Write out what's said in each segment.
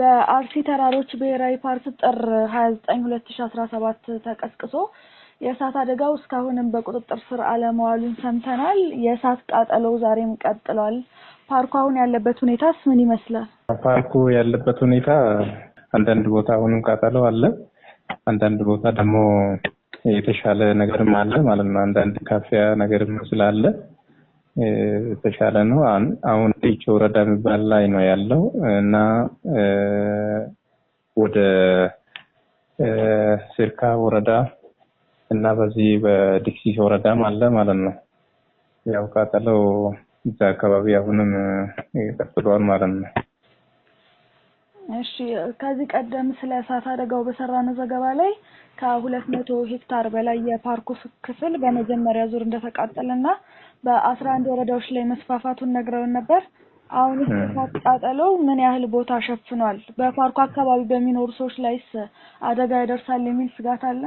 በአርሲ ተራሮች ብሔራዊ ፓርክ ጥር 29 2017 ተቀስቅሶ የእሳት አደጋው እስካሁንም በቁጥጥር ስር አለመዋሉን ሰምተናል። የእሳት ቃጠሎው ዛሬም ቀጥሏል። ፓርኩ አሁን ያለበት ሁኔታስ ምን ይመስላል? ፓርኩ ያለበት ሁኔታ አንዳንድ ቦታ አሁንም ቃጠለው አለ፣ አንዳንድ ቦታ ደግሞ የተሻለ ነገርም አለ ማለት ነው። አንዳንድ ካፊያ ነገርም ስላለ የተሻለ ነው። አሁን ጢቾ ወረዳ የሚባል ላይ ነው ያለው እና ወደ ሲርካ ወረዳ እና በዚህ በዲክሲ ወረዳም አለ ማለት ነው። ያው ቃጠለው እዛ አካባቢ አሁንም ቀጥሏል ማለት ነው። እሺ ከዚህ ቀደም ስለ እሳት አደጋው በሰራነው ዘገባ ላይ ከሁለት መቶ ሄክታር በላይ የፓርኩ ክፍል በመጀመሪያ ዙር እንደተቃጠለና በአስራ አንድ ወረዳዎች ላይ መስፋፋቱን ነግረውን ነበር። አሁን እሳት ምን ያህል ቦታ ሸፍኗል? በፓርኩ አካባቢ በሚኖሩ ሰዎች ላይስ አደጋ ይደርሳል የሚል ስጋት አለ?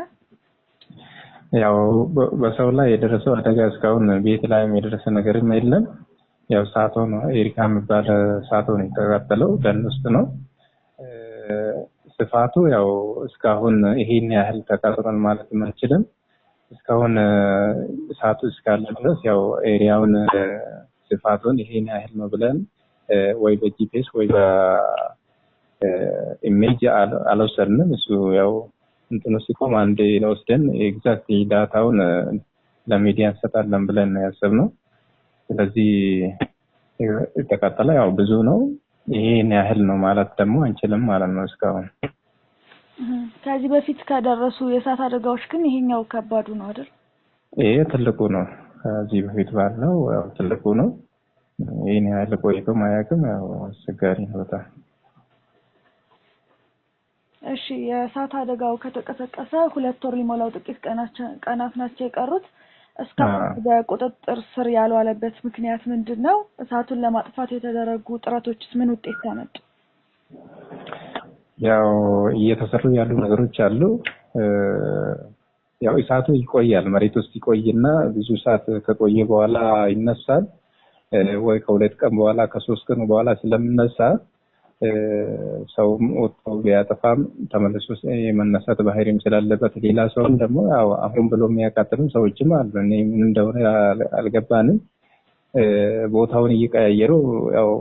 ያው በሰው ላይ የደረሰው አደጋ እስካሁን ቤት ላይም የደረሰ ነገርም የለም። ያው ሳቶ ነው ኤሪካ የሚባል ሳቶ ነው የተቃጠለው፣ ደን ውስጥ ነው። ስፋቱ ያው እስካሁን ይሄን ያህል ተቃጥሏል ማለት አንችልም። እስካሁን እሳቱ እስካለ ድረስ ያው ኤሪያውን ስፋቱን ይሄን ያህል ነው ብለን ወይ በጂፒኤስ ወይ በኢሜጅ አልወሰድንም። እሱ ያው እንትኑ ሲቆም አንዴ ለወስደን ኤግዛክት ዳታውን ለሚዲያ እንሰጣለን ብለን ያሰብነው። ስለዚህ የተቃጠለ ያው ብዙ ነው። ይሄን ያህል ነው ማለት ደግሞ አንችልም ማለት ነው እስካሁን ከዚህ በፊት ከደረሱ የእሳት አደጋዎች ግን ይሄኛው ከባዱ ነው አይደል? ይሄ ትልቁ ነው። ከዚህ በፊት ባለው ትልቁ ነው። ይህን ያህል ቆይቶም አያውቅም። ያው አስቸጋሪ ነው በጣም። እሺ የእሳት አደጋው ከተቀሰቀሰ ሁለት ወር ሊሞላው ጥቂት ቀናት ናቸው የቀሩት። እስካሁን በቁጥጥር ስር ያልዋለበት ምክንያት ምንድን ነው? እሳቱን ለማጥፋት የተደረጉ ጥረቶችስ ምን ውጤት አመጡ? ያው እየተሰሩ ያሉ ነገሮች አሉ። ያው እሳቱ ይቆያል፣ መሬት ውስጥ ይቆይና ብዙ ሰዓት ከቆየ በኋላ ይነሳል። ወይ ከሁለት ቀን በኋላ ከሶስት ቀን በኋላ ስለምነሳ ሰውም ወጥቶ ቢያጠፋም ተመልሶ የመነሳት ባህሪም ስላለበት፣ ሌላ ሰውም ደግሞ አሁን ብሎ የሚያቃጥልም ሰዎችም አሉ። እኔ ምን እንደሆነ አልገባንም። ቦታውን እየቀያየሩ ያው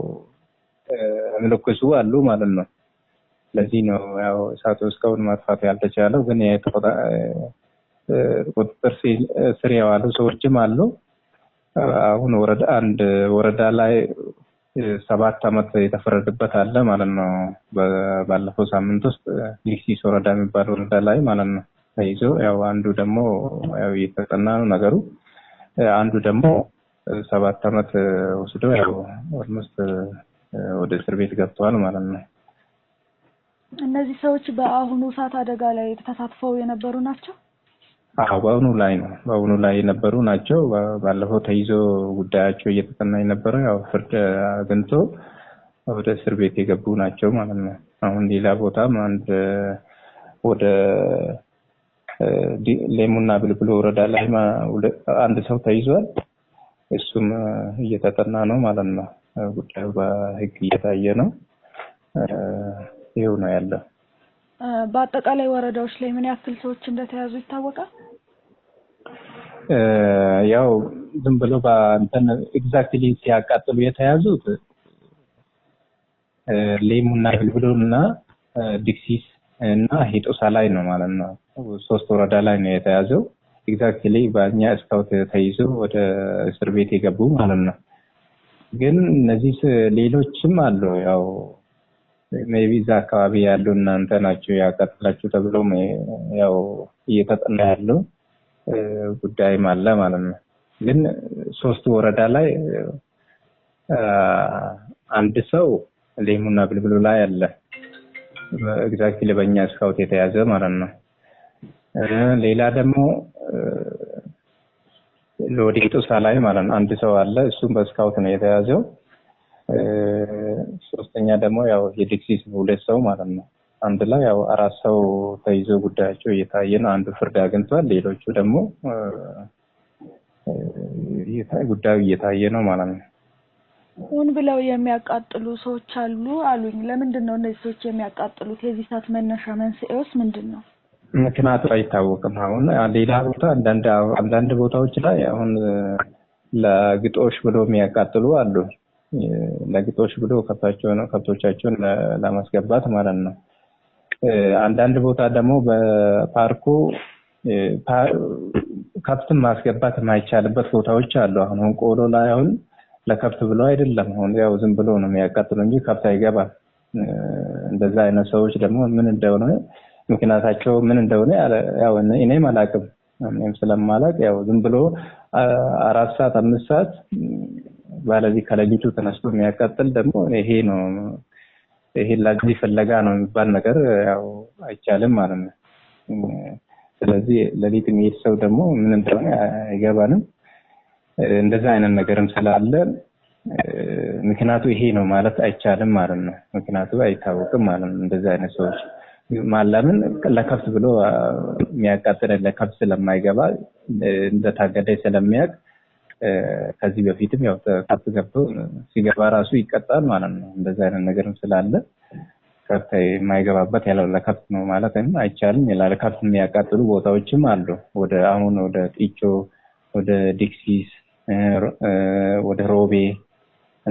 ምልክሱ አሉ ማለት ነው። ለዚህ ነው ያው እሳቱ እስካሁን ማጥፋት ያልተቻለው። ግን ቁጥጥር ስር የዋሉ ሰዎችም አሉ። አሁን ወረዳ አንድ ወረዳ ላይ ሰባት አመት የተፈረደበት አለ ማለት ነው። ባለፈው ሳምንት ውስጥ ሊክሲስ ወረዳ የሚባል ወረዳ ላይ ማለት ነው ተይዞ ያው አንዱ ደግሞ ያው እየተጠና ነው ነገሩ። አንዱ ደግሞ ሰባት አመት ወስዶ ያው ኦልሞስት ወደ እስር ቤት ገብተዋል ማለት ነው። እነዚህ ሰዎች በአሁኑ ሰዓት አደጋ ላይ ተሳትፈው የነበሩ ናቸው? አዎ በአሁኑ ላይ ነው በአሁኑ ላይ የነበሩ ናቸው። ባለፈው ተይዞ ጉዳያቸው እየተጠና የነበረ ያው ፍርድ አግኝቶ ወደ እስር ቤት የገቡ ናቸው ማለት ነው። አሁን ሌላ ቦታም አንድ ወደ ሌሙና ብልብሎ ወረዳ ላይ አንድ ሰው ተይዟል። እሱም እየተጠና ነው ማለት ነው። ጉዳዩ በህግ እየታየ ነው። ይኸው ነው ያለው። በአጠቃላይ ወረዳዎች ላይ ምን ያክል ሰዎች እንደተያዙ ይታወቃል? ያው ዝም ብሎ በእንትን ኤግዛክትሊ ሲያቃጥሉ የተያዙት ሌሙና ብልብሎና ዲክሲስ እና ሄጦሳ ላይ ነው ማለት ነው። ሶስት ወረዳ ላይ ነው የተያዘው። ኤግዛክትሊ በእኛ እስካውት ተይዞ ወደ እስር ቤት የገቡ ማለት ነው። ግን እነዚህ ሌሎችም አሉ ያው ሜቢ እዛ አካባቢ ያሉ እናንተ ናቸው ያቀጥላችሁ ተብሎ ያው እየተጠና ያሉ ጉዳይም አለ ማለት ነው። ግን ሶስት ወረዳ ላይ አንድ ሰው ሌሙና ብልብሉ ላይ አለ። ኤግዛክትሊ በእኛ ስካውት የተያዘ ማለት ነው። ሌላ ደግሞ ሎዲጡሳ ላይ ማለት ነው አንድ ሰው አለ። እሱም በስካውት ነው የተያዘው። ሶስተኛ ደግሞ ያው የዲክሲስ ሁለት ሰው ማለት ነው። አንድ ላይ ያው አራት ሰው ተይዞ ጉዳያቸው እየታየ ነው። አንዱ ፍርድ አግኝቷል፣ ሌሎቹ ደግሞ ጉዳዩ እየታየ ነው ማለት ነው። ሆን ብለው የሚያቃጥሉ ሰዎች አሉ አሉኝ። ለምንድን ነው እነዚህ ሰዎች የሚያቃጥሉት? የዚህ ሰዓት መነሻ መንስኤውስ ምንድን ነው? ምክንያቱ አይታወቅም። አሁን ሌላ ቦታ አንዳንድ ቦታዎች ላይ አሁን ለግጦሽ ብሎ የሚያቃጥሉ አሉ። ለግጦሽ ብሎ ከብቶቻቸውን ለማስገባት ማለት ነው። አንዳንድ ቦታ ደግሞ በፓርኩ ከብትን ማስገባት የማይቻልበት ቦታዎች አሉ። አሁን አሁን ቆሎ ላይ አሁን ለከብት ብሎ አይደለም አሁን ያው ዝም ብሎ ነው የሚያቃጥሉ እንጂ ከብት አይገባም። እንደዛ አይነት ሰዎች ደግሞ ምን እንደሆነ ምክንያታቸው ምን እንደሆነ ያው እኔም አላቅም፣ እኔም ስለማላቅ ያው ዝም ብሎ አራት ሰዓት አምስት ሰዓት ባለዚህ ከሌሊቱ ተነስቶ የሚያቃጥል ደግሞ ይሄ ነው ይሄ ለዚህ ፍለጋ ነው የሚባል ነገር ያው አይቻልም ማለት ነው። ስለዚህ ሌሊት የሚሄድ ሰው ደግሞ ምንም እንደሆነ አይገባንም። እንደዛ አይነት ነገርም ስላለ ምክንያቱ ይሄ ነው ማለት አይቻልም ማለት ነው። ምክንያቱ አይታወቅም ማለት ነው። እንደዚህ አይነት ሰዎች ማለምን ለከብት ብሎ የሚያቃጥል ለከብት ስለማይገባ እንደታገደ ስለሚያውቅ ከዚህ በፊትም ያው ከብት ገብቶ ሲገባ ራሱ ይቀጣል ማለት ነው። እንደዚህ አይነት ነገርም ስላለ ከብት የማይገባበት ያለ ለከብት ነው ማለት አይቻልም። ይላል። ከብት የሚያቃጥሉ ቦታዎችም አሉ። ወደ አሁን ወደ ጢጮ፣ ወደ ዲክሲስ፣ ወደ ሮቤ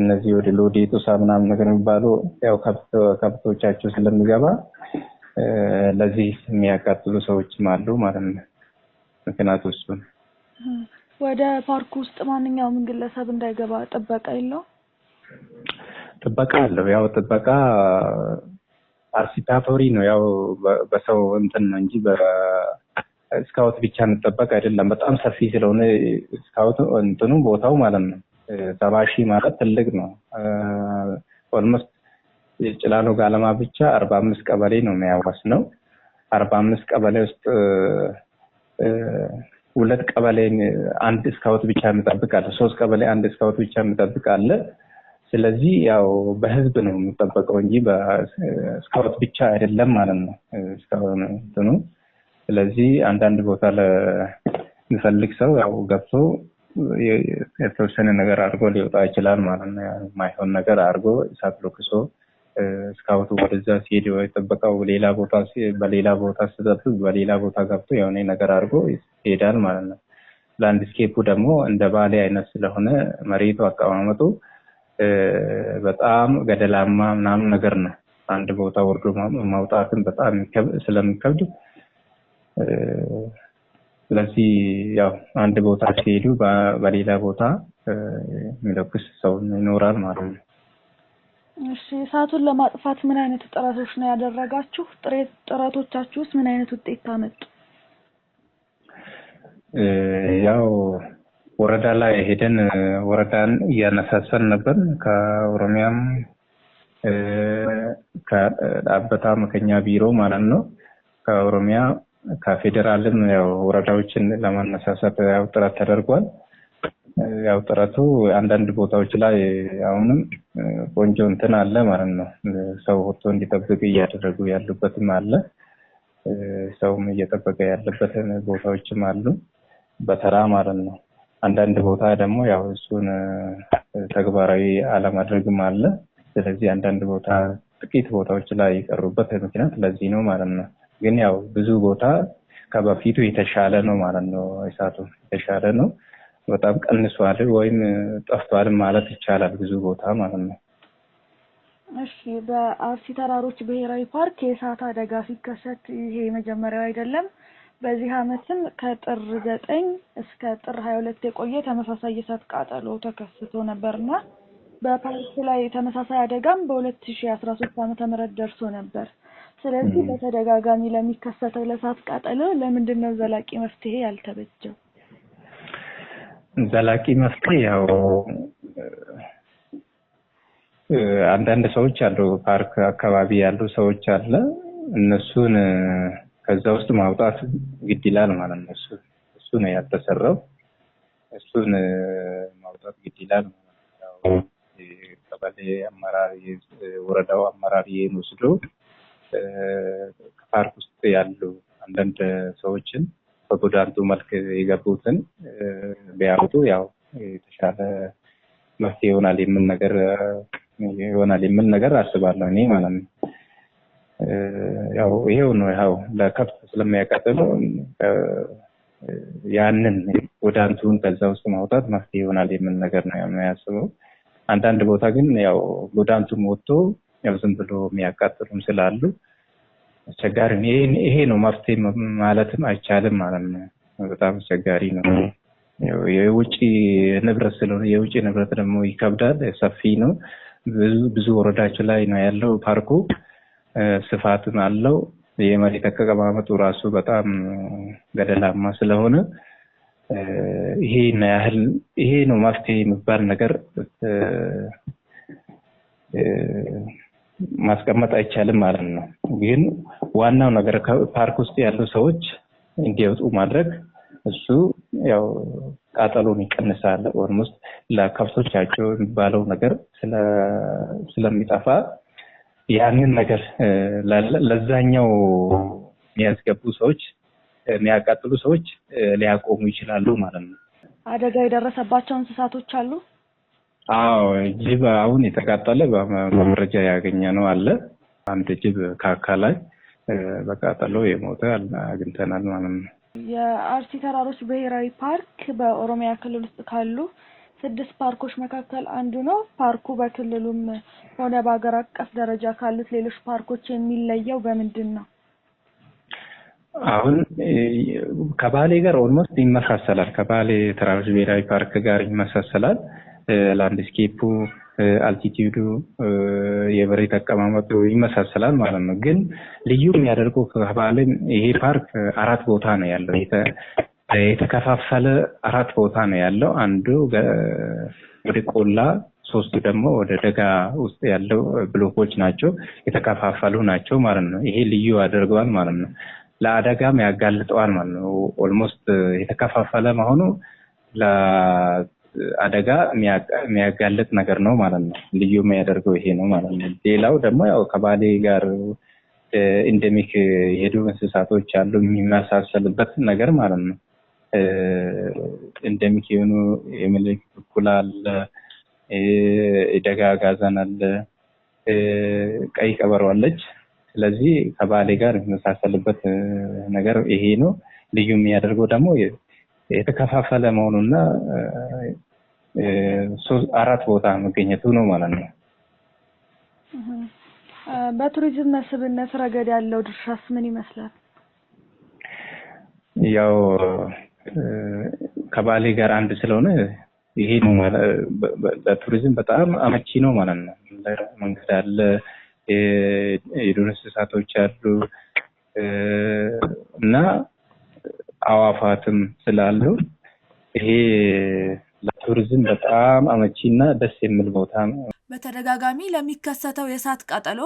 እነዚህ ወደ ሎዴ ጦሳ ምናምን ነገር የሚባሉ ያው ከብቶቻቸው ስለሚገባ ለዚህ የሚያቃጥሉ ሰዎችም አሉ ማለት ነው ምክንያቱ እሱን ወደ ፓርክ ውስጥ ማንኛውም ግለሰብ እንዳይገባ ጥበቃ የለው ጥበቃ አለው። ያው ጥበቃ አርሲፓቶሪ ነው። ያው በሰው እንትን ነው እንጂ በስካውት ብቻ እንጠበቅ አይደለም። በጣም ሰፊ ስለሆነ ስካውት እንትኑ ቦታው ማለት ነው። ሰባ ሺህ ማለት ትልቅ ነው። ኦልሞስት ጭላሎ ጋለማ ብቻ አርባ አምስት ቀበሌ ነው የሚያዋስ ነው። አርባ አምስት ቀበሌ ውስጥ ሁለት ቀበሌ አንድ ስካውት ብቻ የምጠብቃለ፣ ሶስት ቀበሌ አንድ ስካውት ብቻ አለ። ስለዚህ ያው በህዝብ ነው የሚጠበቀው እንጂ ስካውት ብቻ አይደለም ማለት ነው። ስካውትኑ ስለዚህ አንዳንድ ቦታ ለሚፈልግ ሰው ያው ገብቶ የተወሰነ ነገር አድርጎ ሊወጣ ይችላል ማለት ነው። ማይሆን ነገር አድርጎ እሳት ለኩሶ እስካውቱ ወደዛ ሲሄድ የጠበቀው ሌላ ቦታ በሌላ ቦታ ስጠብቅ በሌላ ቦታ ገብቶ የሆነ ነገር አድርጎ ይሄዳል ማለት ነው። ላንድስኬፑ ደግሞ እንደ ባሌ አይነት ስለሆነ መሬቱ አቀማመጡ በጣም ገደላማ ምናምን ነገር ነው። አንድ ቦታ ወርዶ ማውጣትን በጣም ስለሚከብድ ስለዚህ ያው አንድ ቦታ ሲሄዱ በሌላ ቦታ የሚለኩስ ሰው ይኖራል ማለት ነው። እሺ እሳቱን ለማጥፋት ምን አይነት ጥረቶች ነው ያደረጋችሁ? ጥረቶቻችሁስ ምን አይነት ውጤት አመጡ? ያው ወረዳ ላይ ሄደን ወረዳን እያነሳሰን ነበር። ከኦሮሚያም ከአበታ መከኛ ቢሮ ማለት ነው። ከኦሮሚያ ከፌዴራልም ያው ወረዳዎችን ለማነሳሳት ያው ጥረት ተደርጓል። ያው ጥረቱ አንዳንድ ቦታዎች ላይ አሁንም ቆንጆ እንትን አለ ማለት ነው። ሰው ወጥቶ እንዲጠብቅ እያደረጉ ያሉበትም አለ። ሰውም እየጠበቀ ያለበት ቦታዎችም አሉ፣ በተራ ማለት ነው። አንዳንድ ቦታ ደግሞ ያው እሱን ተግባራዊ አለማድረግም አለ። ስለዚህ አንዳንድ ቦታ ጥቂት ቦታዎች ላይ የቀሩበት ምክንያት ለዚህ ነው ማለት ነው። ግን ያው ብዙ ቦታ ከበፊቱ የተሻለ ነው ማለት ነው። እሳቱ የተሻለ ነው። በጣም ቀንሷል ወይም ጠፍቷል ማለት ይቻላል። ብዙ ቦታ ማለት ነው። እሺ፣ በአርሲ ተራሮች ብሔራዊ ፓርክ የእሳት አደጋ ሲከሰት ይሄ የመጀመሪያው አይደለም። በዚህ ዓመትም ከጥር ዘጠኝ እስከ ጥር ሀያ ሁለት የቆየ ተመሳሳይ የእሳት ቃጠሎ ተከስቶ ነበርና በፓርክ ላይ ተመሳሳይ አደጋም በሁለት ሺ አስራ ሶስት ዓመተ ምህረት ደርሶ ነበር። ስለዚህ በተደጋጋሚ ለሚከሰተው ለእሳት ቃጠሎ ለምንድን ነው ዘላቂ መፍትሄ ያልተበጀው? ዘላቂ መፍትሄ ያው አንዳንድ ሰዎች አሉ፣ ፓርክ አካባቢ ያሉ ሰዎች አለ። እነሱን ከዛ ውስጥ ማውጣት ግድ ይላል ማለት ነው። እሱ እሱ ነው ያልተሰራው። እሱን ማውጣት ግድ ይላል ቀበሌ አመራር፣ ወረዳው አመራር ይህን ወስዶ ከፓርክ ውስጥ ያሉ አንዳንድ ሰዎችን በጎዳንቱ መልክ የገቡትን ቢያወጡ ያው የተሻለ መፍትሄ ይሆናል የምል ነገር ይሆናል የምል ነገር አስባለሁ እኔ ማለት ነው። ያው ይሄው ነው። ያው ለከብት ስለሚያቀጥሉ ያንን ጎዳንቱን ከዛ ውስጥ ማውጣት መፍትሄ ይሆናል የምል ነገር ነው የሚያስበው። አንዳንድ ቦታ ግን ያው ጎዳንቱም ወጥቶ ያው ዝም ብሎ የሚያቃጥሉም ስላሉ አስቸጋሪ ይሄ ነው መፍትሄ ማለትም አይቻልም ማለት ነው። በጣም አስቸጋሪ ነው። የውጭ ንብረት ስለሆነ የውጭ ንብረት ደግሞ ይከብዳል። ሰፊ ነው። ብዙ ብዙ ወረዳዎች ላይ ነው ያለው ፓርኩ ስፋትም አለው። የመሬት አቀማመጡ ራሱ በጣም ገደላማ ስለሆነ ይሄ ያህል ይሄ ነው መፍትሄ የሚባል ነገር ማስቀመጥ አይቻልም ማለት ነው። ግን ዋናው ነገር ፓርክ ውስጥ ያሉ ሰዎች እንዲወጡ ማድረግ እሱ ያው ቃጠሎን ይቀንሳል። ኦልሞስት ለከብቶቻቸው የሚባለው ነገር ስለሚጠፋ ያንን ነገር ለዛኛው የሚያስገቡ ሰዎች የሚያቃጥሉ ሰዎች ሊያቆሙ ይችላሉ ማለት ነው። አደጋ የደረሰባቸው እንስሳቶች አሉ። አዎ ጅብ አሁን የተቃጠለ በመረጃ ያገኘ ነው አለ። አንድ ጅብ ካካ ላይ በቃጠሎ የሞተ አግኝተናል ማለት ነው። የአርሲ ተራሮች ብሔራዊ ፓርክ በኦሮሚያ ክልል ውስጥ ካሉ ስድስት ፓርኮች መካከል አንዱ ነው። ፓርኩ በክልሉም ሆነ በሀገር አቀፍ ደረጃ ካሉት ሌሎች ፓርኮች የሚለየው በምንድን ነው? አሁን ከባሌ ጋር ኦልሞስት ይመሳሰላል። ከባሌ ተራሮች ብሔራዊ ፓርክ ጋር ይመሳሰላል። ላንድስኬፑ፣ አልቲቲዩዱ፣ የመሬት አቀማመጡ ይመሳሰላል ማለት ነው። ግን ልዩ የሚያደርገው ከባልን ይሄ ፓርክ አራት ቦታ ነው ያለው የተከፋፈለ አራት ቦታ ነው ያለው። አንዱ ወደ ቆላ፣ ሶስቱ ደግሞ ወደ ደጋ ውስጥ ያለው ብሎኮች ናቸው የተከፋፈሉ ናቸው ማለት ነው። ይሄ ልዩ ያደርገዋል ማለት ነው። ለአደጋም ያጋልጠዋል ማለት ነው። ኦልሞስት የተከፋፈለ መሆኑ አደጋ የሚያጋልጥ ነገር ነው ማለት ነው። ልዩ የሚያደርገው ይሄ ነው ማለት ነው። ሌላው ደግሞ ያው ከባሌ ጋር ኢንደሚክ የሄዱ እንስሳቶች አሉ የሚመሳሰልበት ነገር ማለት ነው። ኢንደሚክ የሆኑ የምልክ ኩላ አለ፣ የደጋ አለ፣ ቀይ ቀበሮ አለች። ስለዚህ ከባሌ ጋር የሚመሳሰልበት ነገር ይሄ ነው። ልዩ የሚያደርገው ደግሞ የተከፋፈለ መሆኑና አራት ቦታ መገኘቱ ነው ማለት ነው። በቱሪዝም መስህብነት ረገድ ያለው ድርሻስ ምን ይመስላል? ያው ከባሌ ጋር አንድ ስለሆነ ይሄ ነው ለቱሪዝም በጣም አመቺ ነው ማለት ነው። መንገድ አለ፣ የዱር እንስሳቶች አሉ እና አዋፋትም ስላሉ ይሄ ለቱሪዝም በጣም አመቺና ደስ የሚል ቦታ ነው። በተደጋጋሚ ለሚከሰተው የእሳት ቃጠሎ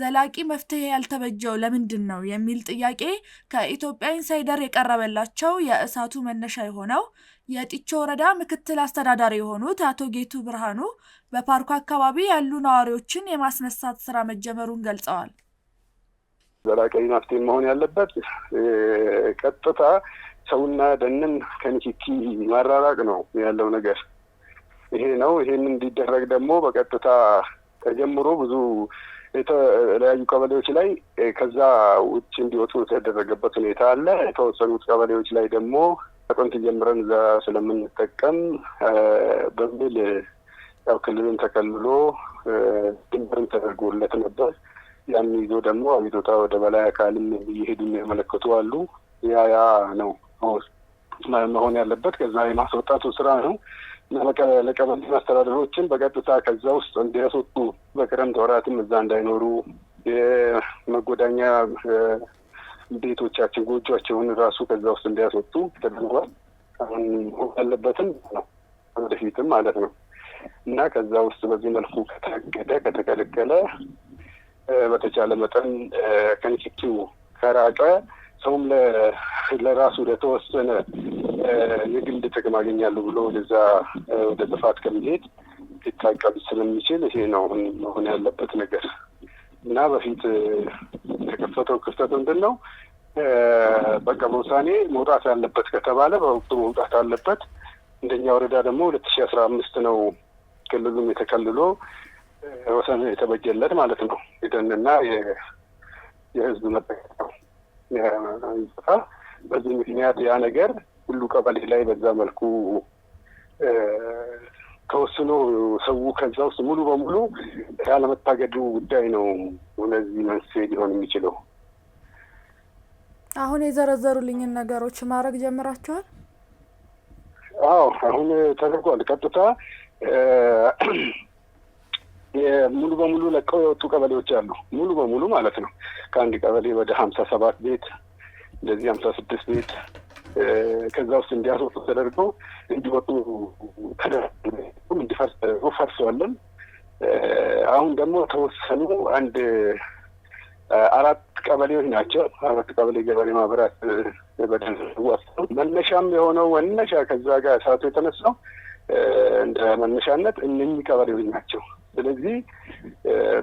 ዘላቂ መፍትሄ ያልተበጀው ለምንድን ነው የሚል ጥያቄ ከኢትዮጵያ ኢንሳይደር የቀረበላቸው የእሳቱ መነሻ የሆነው የጢቾ ወረዳ ምክትል አስተዳዳሪ የሆኑት አቶ ጌቱ ብርሃኑ በፓርኩ አካባቢ ያሉ ነዋሪዎችን የማስነሳት ስራ መጀመሩን ገልጸዋል። ዘላቂ መፍትሄ መሆን ያለበት ቀጥታ ሰውና ደንን ከንኪኪ ማራራቅ ነው ያለው ነገር ይሄ ነው። ይሄን እንዲደረግ ደግሞ በቀጥታ ተጀምሮ ብዙ የተለያዩ ቀበሌዎች ላይ ከዛ ውጭ እንዲወጡ የተደረገበት ሁኔታ አለ። የተወሰኑት ቀበሌዎች ላይ ደግሞ ጥንት ጀምረን እዛ ስለምንጠቀም በሚል ያው ክልልን ተከልሎ ድንበርም ተደርጎለት ነበር። ያን ይዞ ደግሞ አቤቱታ ወደ በላይ አካልም እየሄዱ የሚያመለክቱ አሉ። ያ ያ ነው መሆን ያለበት። ከዛ የማስወጣቱ ስራ ነው እና ለቀበሌ አስተዳደሮችን በቀጥታ ከዛ ውስጥ እንዲያስወጡ በክረምት ወራትም እዛ እንዳይኖሩ የመጎዳኛ ቤቶቻችን ጎጆቸውን ራሱ ከዛ ውስጥ እንዲያስወጡ ተደርጓል። አሁን ያለበትም ነው ወደፊትም ማለት ነው እና ከዛ ውስጥ በዚህ መልኩ ከታገደ ከተከለከለ በተቻለ መጠን ከንክኪው ከራቀ ሰውም ለራሱ ለተወሰነ የግል ጥቅም አገኛለሁ ብሎ ወደዛ ወደ ጥፋት ከሚሄድ ሊታቀብ ስለሚችል ይሄ ነው መሆን ያለበት ነገር እና በፊት የተከፈተው ክፍተት ምንድን ነው? በቃ በውሳኔ መውጣት ያለበት ከተባለ በወቅቱ መውጣት አለበት። እንደኛ ወረዳ ደግሞ ሁለት ሺ አስራ አምስት ነው ክልሉም የተከልሎ ወሰን የተበጀለት ማለት ነው። የደንና የህዝብ መጠቀ በዚህ ምክንያት ያ ነገር ሁሉ ቀበሌ ላይ በዛ መልኩ ተወስኖ ሰው ከዛ ውስጥ ሙሉ በሙሉ ያለመታገዱ ጉዳይ ነው እነዚህ መንስኤ ሊሆን የሚችለው። አሁን የዘረዘሩልኝን ነገሮች ማድረግ ጀምራችኋል? አዎ አሁን ተደርጓል። ቀጥታ ሙሉ በሙሉ ለቀው የወጡ ቀበሌዎች አሉ። ሙሉ በሙሉ ማለት ነው። ከአንድ ቀበሌ ወደ ሀምሳ ሰባት ቤት እንደዚህ ሀምሳ ስድስት ቤት ከዛ ውስጥ እንዲያስወጡ ተደርጎ እንዲወጡ ተደርገው ፈርሰዋለን። አሁን ደግሞ ተወሰኑ አንድ አራት ቀበሌዎች ናቸው። አራት ቀበሌ ገበሬ ማህበራት በደንብ መነሻም የሆነው መነሻ ከዛ ጋር እሳቱ የተነሳው እንደ መነሻነት እነኚህ ቀበሌዎች ናቸው። ስለዚህ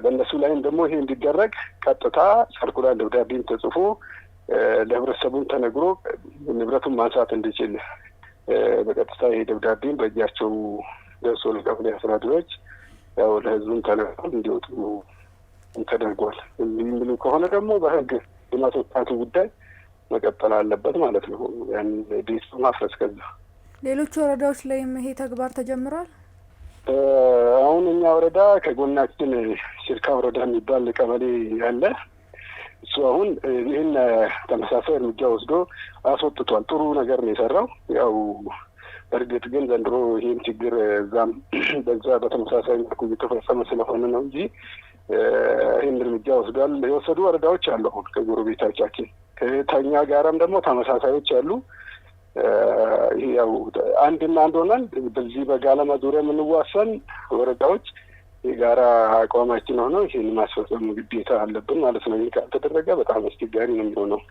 በእነሱ ላይም ደግሞ ይሄ እንዲደረግ ቀጥታ ሰርኩላር ደብዳቤም ተጽፎ ለህብረተሰቡም ተነግሮ ንብረቱን ማንሳት እንዲችል በቀጥታ ይሄ ደብዳቤም በእጃቸው ደርሶ ለቀበሌ አስተዳዳሪዎች ያው ለህዝቡም ተነግሮ እንዲወጡ ተደርጓል። የሚሉ ከሆነ ደግሞ በህግ የማስወጣቱ ጉዳይ መቀጠል አለበት ማለት ነው። ያን ቤት በማፍረስ ከዛ ሌሎች ወረዳዎች ላይም ይሄ ተግባር ተጀምሯል። አሁን እኛ ወረዳ ከጎናችን ሽርካ ወረዳ የሚባል ቀበሌ ያለ እሱ አሁን ይህን ተመሳሳይ እርምጃ ወስዶ አስወጥቷል። ጥሩ ነገር ነው የሰራው። ያው እርግጥ ግን ዘንድሮ ይህን ችግር እዛም በዛ በተመሳሳይ መልኩ እየተፈጸመ ስለሆነ ነው እንጂ ይህን እርምጃ ወስዷል። የወሰዱ ወረዳዎች አሉ አሁን ከጎረቤቶቻችን ከታኛ ጋራም ደግሞ ተመሳሳዮች አሉ። ያው አንድና አንድ ሆነን በዚህ በጋለማ ዙሪያ የምንዋሰን ወረዳዎች የጋራ አቋማችን ሆነው ይህን ማስፈጸሙ ግዴታ አለብን ማለት ነው። ይህ ካልተደረገ በጣም አስቸጋሪ ነው የሚሆነው።